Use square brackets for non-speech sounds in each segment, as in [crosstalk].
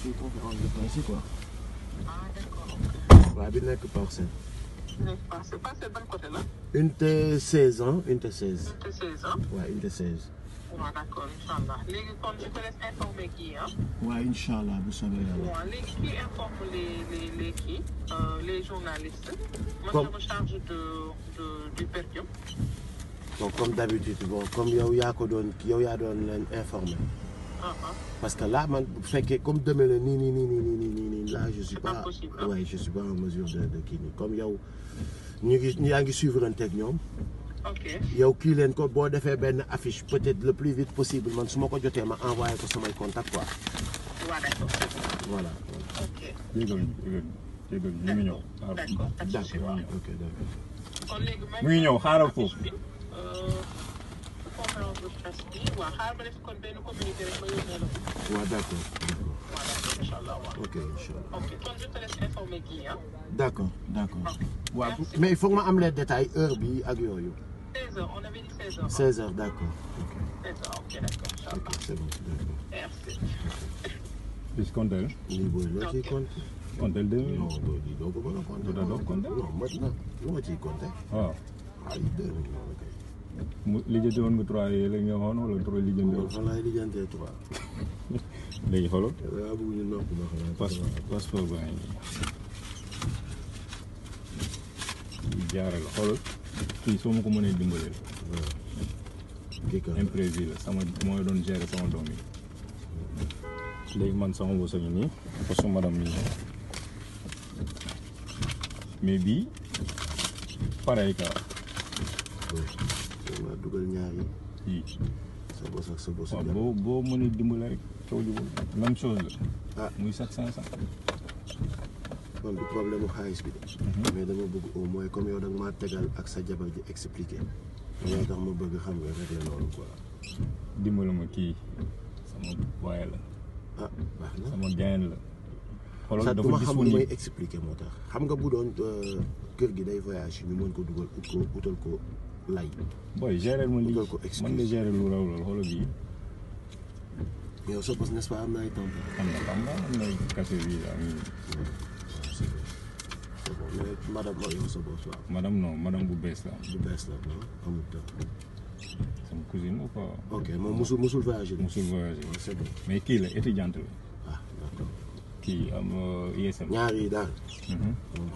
sous ton de ici quoi. Ah d'accord. C'est pas cette bonne côté là Une de 16 ans, une de 16. Une de 16 ans Ouais, une de 16. waaw d'accord. Inch'Allah. Les allah je te laisse informer qui, Ouais, waaw vous savez bu informe les les les Euh, les journalistes. Moi, je me charge de de du perdu. bon comme d'habitude. bon comme yow yaa ko donne yow yaa doon leen parce que là man bu que comme demee ni ni ni ni ni ni ni là je suis pas hein. ouais je suis pas en mesure de de kii nii comme yow ñu ni yaa qui suivre ak ñoom. ok yow kii leen ko de faire ben affiche peut-être le plus vite possible man su ma ko jotee ma envoyé ko samay contact quoi. voilà voilà. ok dégg nga ñu ah ñëw. d'accord d'accord ok d'accord. mu ngi waaw d'accord. ok inchallah. ok kon je te laisse informer Guy ah. d'accord d'accord. waaw mais il faut que ma am les détails heure bi ak yooyu. 16h on avait dit 16h. 16h d'accord. ok 16h ok d'accord inchallah. c'est bon d'accord. merci. bis compter. lii booy loo ciy compter. compter ah. deux non booy lii doo ko mën a compter. doo ko compter non mot na lu ma ciy compter. waaw. ay mu lijjanti woon nga trois yooyu la nga waxoon wala trois lijjanti woon. fan laay lijjantee trois. [laughs] léegi xoolal. waaw ba xam. passeport passeport baa kii soo ma ko mënee dimbaleel. kii kan imprévu la sama mooy doon gérer sama doom yi. léegi man sama bosa ngi nii parce que mi mais bii pareil quoi. dugal ñaar yi. sa bos ak sa bos. waaw boo boo mënee dimbali rek coow li ah. muy sept cinq cent. man du problème mu xaalis bi de. Mhm. mais dama bëgg au moins comme yow da nga maa ak sa jabar ji expliqué. Mhm. loolu tax ma bëgg xam nga rek la loolu quoi. ma kii waaye la. ah baax la. xoolal dafa gis xam li may moo tax xam nga bu doon euh, kër gi day voyage ñu mën ko dugal ut ko utal ko. lay. booy gérer ma lii mën nga gérer lu na ay tontu. am na xam nga am na bu bees la. bu bees la musul musul voyager. musul mais kii la étudiante la. Ah, kii am euh, ISM. ñaar yi daal. Mhm.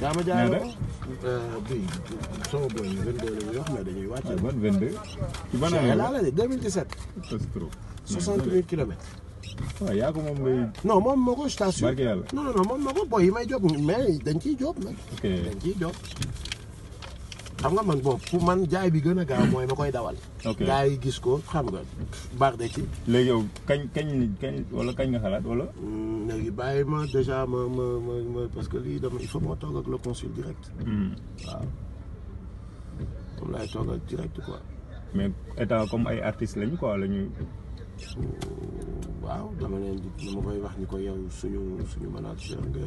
daa ma jaay la bii sama boy yi 22 la ñu wax mais dañuy wàcc. ban 22. ci ban année la la de 2017. c'est trop. 60 000 kilomètres. waaw yaa ko moom ngay. non moom moo ko je t'assure. barke yàlla non non moom moo boy may job mais dañ job nag. dañ job. xam nga man boobu fu man jaay bi gën a gaaw mooy ma koy dawal. ok gars yi gis ko xam nga baax de ci. léegi yow kañ kañ kañ wala kañ nga xalaat wala. Hmm, léegi bàyyi ma déjà ma ma ma parce que lii dama il faut ma toog ak la consul direct. Hmm. waaw moom laay toog ak direct quoi. mais état comme ay artistes lañu ko la ñu. waaw dama leen di dama koy wax ni ko yow suñu suñu manager nga.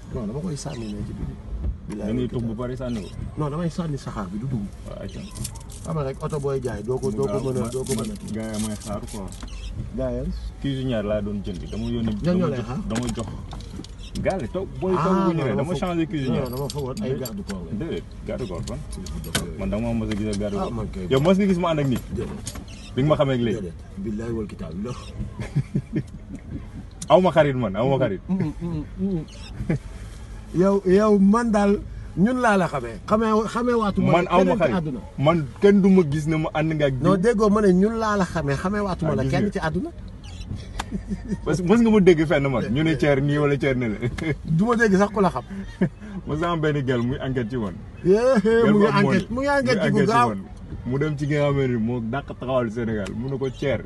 non dama koy sànni ne bu pare sànni ko. non damay sànni saxaar bi du dugg. waaw ayca. xam rek oto booy jaay doo ko doo ko mën a doo ko mën a. gars yi may laa doon jënd dama yónni. ñooñu lay xaar dama jox. gaale taw booy taw bu ñëwee dama changé cuisinière. dama foogoon ay garde corps la. déedéet garde corps fan. man dama mos a gis garde ma ànd ak nii. bi nga ma xamee ak léegi. billaay wal kitaab aw ma xarit man aw xarit. yow yow man daal ñun laa la xamee. xamee xamee waatu ma man aw ma xarit man kenn du ma gis ne ma ànd nga ak. déggoo ma ne ñun laa la xamee xamee waatuma ma la ah, kenn ci àdduna. parce que mës nga ma dégg fen man ñu ne ceer nii wala ceer ne la. du ma dégg sax ku la xam. [laughs] mës naa benn gel muy enquête ci woon. mu ngi mu ci gu mu dem ci nga xam ne moo dàq taxawal Sénégal mu ne ko ceer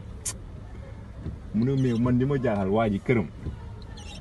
mu ne mais man li ma jaaxal waa ji këram.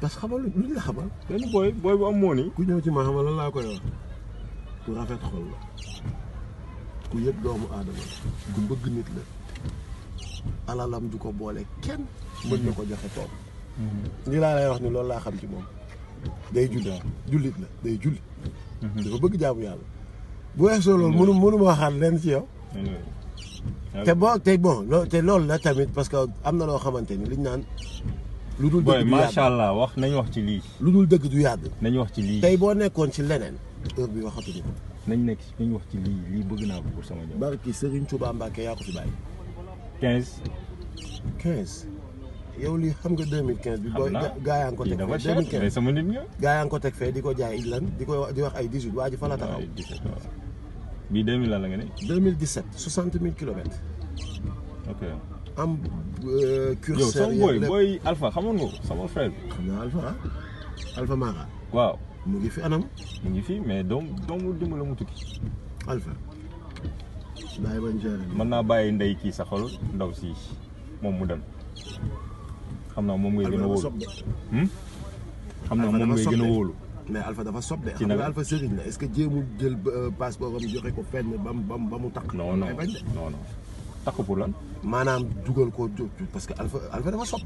parce que xamal luñ la xamal. benn booy booy ku ñëw ci ma xamal lan laa koy wax ku rafet xol la ku yëg doomu aadama la ku bëgg nit la alalam ju ko boole kenn mën na ko joxe toog. Mhm. li laa lay wax ni loolu laa xam ci moom day julli jullit la day julli. Mhm. dafa bëgg jaamu yàlla. bu weesoo loolu mënu mënu ma leen ci yow. te boo te bon te loolu la tamit parce que am na loo xamante ni liñ naan. lu dul dëgg du yàgg macha allah wax nañ wax ci lii. lu dul dëgg du yàgg. nañ wax ci lii tey boo nekkoon ci leneen. heure bi waxatuñu ko. nañ nekk nañ wax ci lii lii bëgg naa ko pour sama jamono. barki Serigne Touba Mbacke yaa ko fi bàyyi. 15. 15. yow lii xam nga 2015 bi booy gaa yaa ngi ko teg fee 2015 mais sama nit nga. gaa yaa teg fee di ko jaay lan di ko di wax ay 18 waa ji fa la taxaw. bii 2000 lan la la nga ne. 2017 60 000 kilomètres. ok. am. Euh, curseur yow sama boy boy Alpha xamoon nga sama frère xam naa Alpha Alpha Mara. waaw mu ngi fi anam. mu ngi fi mais doom doomu dimbali mu tukki. Alpha. bàyyi ma njëriñ. mën naa bàyyi ndey kii saxal ndaw si moom mu dem xam naa moom ngay gën a wóolu. Hmm? xam naa moom ngay gën a wóolu. mais Alpha dafa sob de xam nga Alpha sëriñ la est-ce que jéemu jël euh, passe boobu am joxe ko fenn ba mu ba mu takk. non non non non takk pour lan. maanaam dugal ko parce que Alpha Alpha dafa sopp